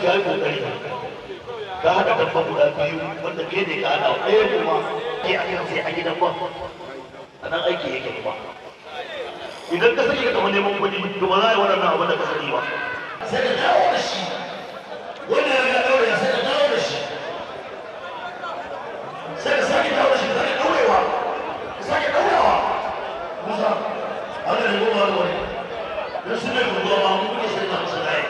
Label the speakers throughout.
Speaker 1: ka yi kokari ka haɗa dabba guda biyu wanda ke ne ka haɗa ɗaya kuma ke a kan sai a gidan ba a nan aiki yake ba idan ka sake ka taɓa neman kuɗi to ba za a yi waɗannan abin da ka sani ba sai da dawo da shi wanda ya ga ɗaure sai ka dawo da shi sai da sake dawo da shi ka sake ɗaurewa ka sake ɗaurewa musa a da ne goma da wani don su ne goma ba mu ne sai musa musu yi.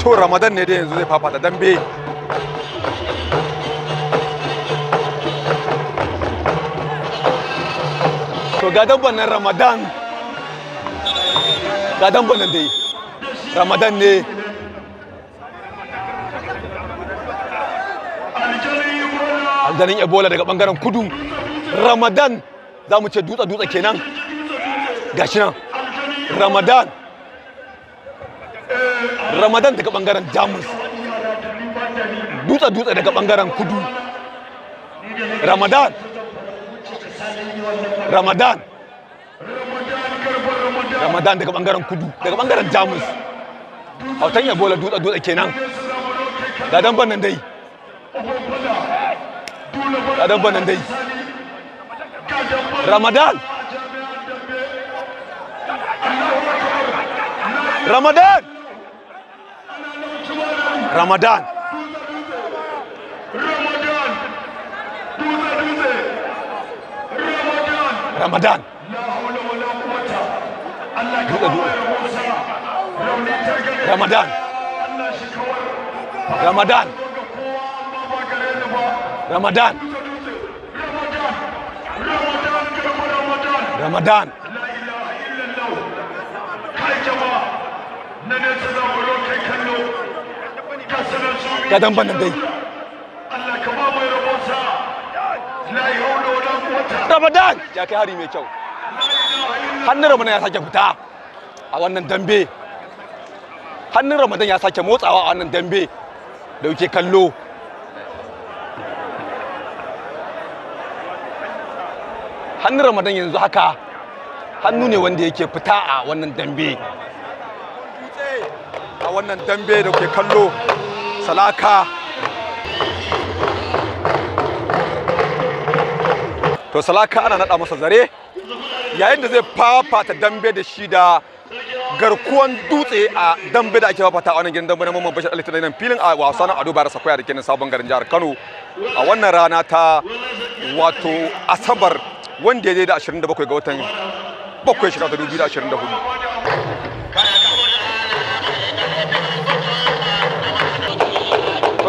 Speaker 1: to ramadan ne da yanzu zai fafata dambe to ga damban nan ramadan ga damban nan dai ramadan ne ganin ebola daga bangaren kudu ramadan za mu ce dutse-dutse kenan gashi nan ramadan ramadan daga bangaren jamus dutse-dutse daga bangaren kudu ramadan ramadan ramadan daga bangaren kudu daga bangaren jamus hautan ya bola dutse-dutse kenan ga dan bannan dai ga dan bannan dai ramadan ramadan Ramadan. Ramadan. Ramadan. Ramadan. Ya Ramadan. Ramadan. Ramadan. Ramadan. Ramadan. ya dan ban dai Ramadan ya kai hari mai kyau hannun Ramadan ya sake fita a wannan dambe hannun Ramadan ya sake motsawa a wannan dambe da yake kallo hannun Ramadan yanzu haka hannu ne wanda yake fita a wannan dambe a wannan dambe da ke kallo salaka to salaka ana naɗa masa zare yayin da zai fafata dambe da shi da garkuwan dutse a dambe da ake fafata a wannan gidan dambe na mamman bashar alitin nan filin a wasa na ado bayar sakwaya da kenan sabon garin jihar kano a wannan rana ta wato asabar wanda ya da 27 ga watan bakwai shekara 2024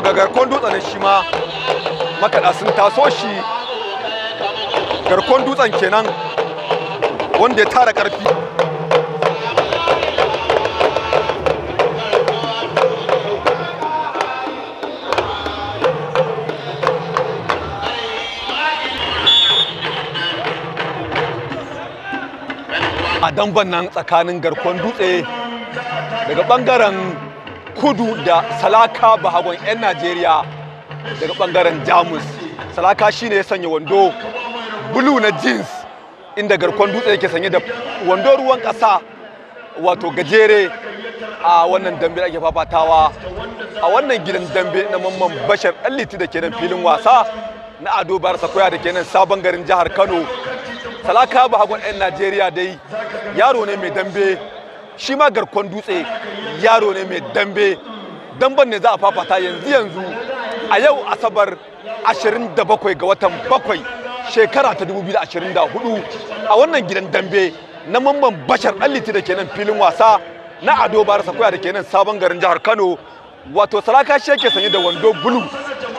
Speaker 1: daga ga garkon dutsen shi ma makaɗa sun taso shi garkon dutsen kenan wanda ya tara ƙarfi a damban nan tsakanin garkon dutse daga ɓangaren kudu da salaka bahagon 'yan najeriya daga bangaren jamus salaka shine ya sanya wando bulu na jeans inda garkon dutse yake sanye da wando ruwan kasa wato gajere a wannan dambe ake fafatawa a wannan gidan dambe na mamman bashar alliti da kenan filin wasa na ado bayar sakoya da kenan sabon garin jihar kano salaka bahagon 'yan najeriya dai yaro ne mai dambe shi ma garkon dutse yaro ne mai dambe damban ne za a fafata yanzu yanzu a yau asabar 27 ga watan 7 shekara ta 2024 a wannan gidan dambe na mamman bashar Aliti da kenan filin wasa na ado barasa koya da kenan sabon garin jihar kano wato salaka shi yake sanye da wando bulu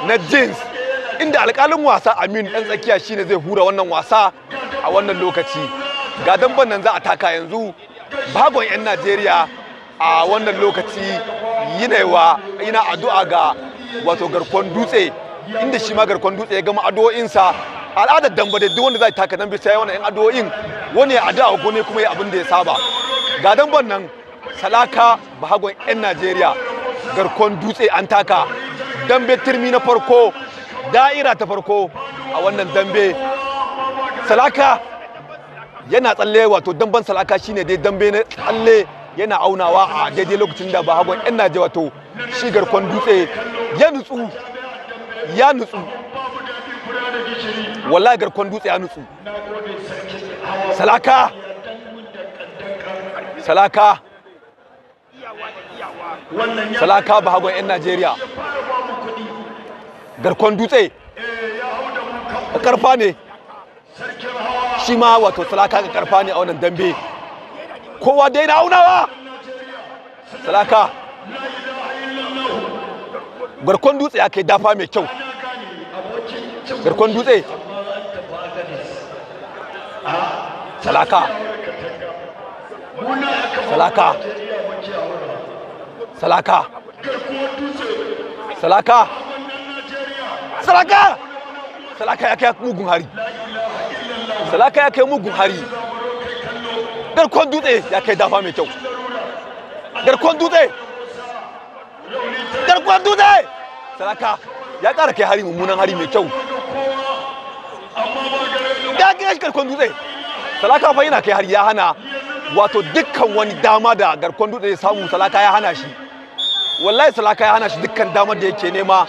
Speaker 1: na jeans inda alƙalin wasa aminu ɗan tsakiya shine zai hura wannan wasa a wannan lokaci ga damban nan za a taka yanzu Bahagon 'yan najeriya a wannan lokaci yinaiwa yana addu'a ga wato garkon dutse inda shi ma garkon dutse ya gama addu'o'insa al'adar damba da duk wanda zai taka dambe sai wannan 'yan addu'o'in wani ya addu'a ne kuma ya abin da ya saba ga damban nan salaka bahagon 'yan najeriya garkon dutse an taka dambe turmi na farko da'ira ta farko a wannan dambe salaka yana tsalle wato damban salaka shine dai dambe na tsalle yana aunawa a daidai lokacin da ba hagon yan naje wato shi garkon dutse ya nutsu ya nutsu wallahi garkon dutse ya nutsu salaka salaka salaka ba hagon yan najeriya garkon dutse karfa ne shi ma wato talaka ga karfa ne a wannan dambe kowa dai na aunawa talaka garkon dutse ya kai dafa mai kyau garkon dutse talaka salaka salaka salaka salaka salaka ya kai mugun hari salaka ya kai mugun hari garkon dutse ya kai dafa mai kyau garkon dutse garkon dutse salaka ya kara kai hari mummunan hari mai kyau ya kai shi garkon dutse salaka fa yana kai hari ya hana wato dukkan wani dama da garkon dutse ya samu salaka ya hana shi wallahi salaka ya hana shi dukkan damar da yake nema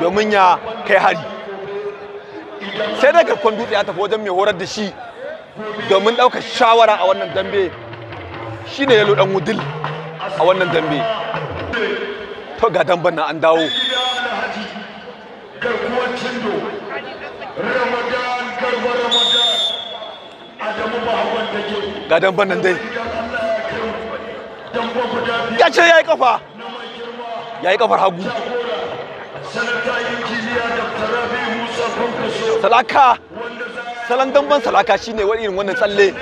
Speaker 1: domin ya kai hari sai dai kwan dutse ya tafi wajen mai horar da shi domin ɗaukar shawara a wannan dambe shi ne yalo dan wudil a wannan dambe to ga damban na an dawo ga damban nan dai ya ce ya yi kafa ya yi kafar hagu salaka salon damban salaka shine wani irin wannan tsalle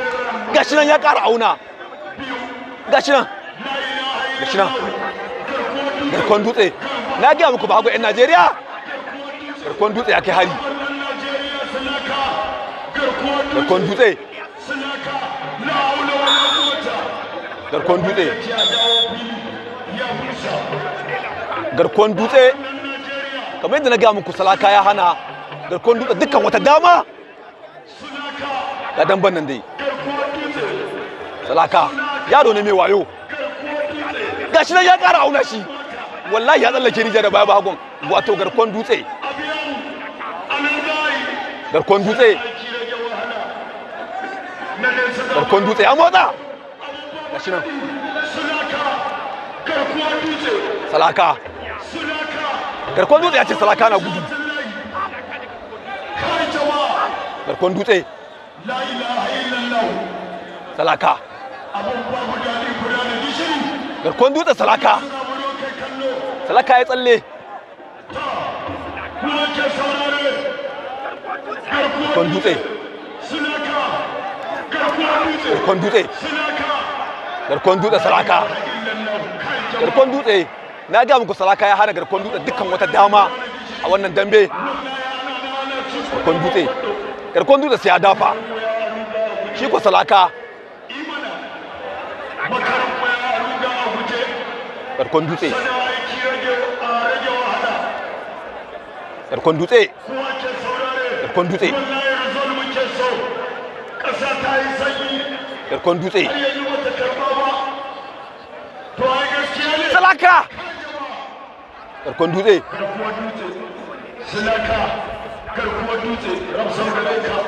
Speaker 1: gashi nan ya ƙara auna gashi nan gashi nan garkon dutse na gaya muku ba hagu 'yan najeriya garkon dutse ya kai hari garkon dutse garkon dutse garkon dutse kamar yadda na gaya muku salaka ya hana garkon dutse dukkan wata dama ga damban nan dai salaka yaro ne mai wayo gashi nan ya ƙara auna shi wallahi ya tsallake rijiya da baya ba hagun wato garkon dutse garkon dutse garkon dutse ya motsa gashi nan salaka garkon dutse ya ce salaka na gudu garkon dutse salaka garkon dutse salaka salaka ya tsalle garkon dutse garkon dutse garkon dutse salaka garkon dutse na ga muku salaka ya hana garkon dutse dukkan wata dama a wannan dambe garkon dutse karkon dutse ya dafa shi ko salaka karkon dutse karkon dutse karkon dutse karkon dutse salaka karkon dutse salaka garkuwar dutse ramsar gare ka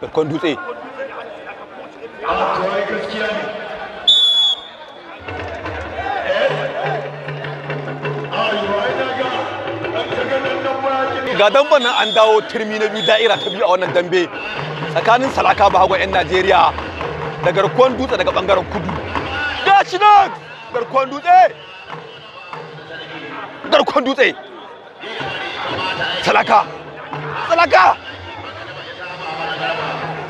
Speaker 1: garkuwar dutse a ah, kawai gaskiya ne ga damban nan an dawo turmi na biyu da'ira ta biyu a wannan dambe tsakanin salaka bahagon 'yan najeriya da garkuwan dutse daga bangaren kudu gashi nan garkuwan dutse garkon dutse salaka salaka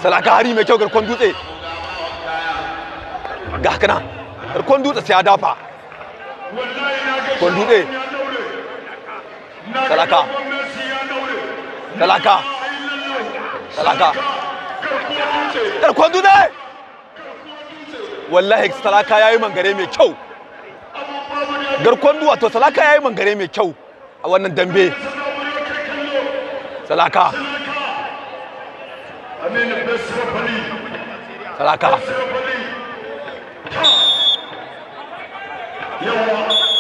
Speaker 1: salaka hari mai kyau garkon dutse ga haka nan garkon dutse sai ya dafa garkon dutse salaka salaka salaka garkon dutse wallahi salaka yayi mangare mai kyau garkon duwa to salaka ya yi mangare mai kyau a wannan dambe salaka salaka yawa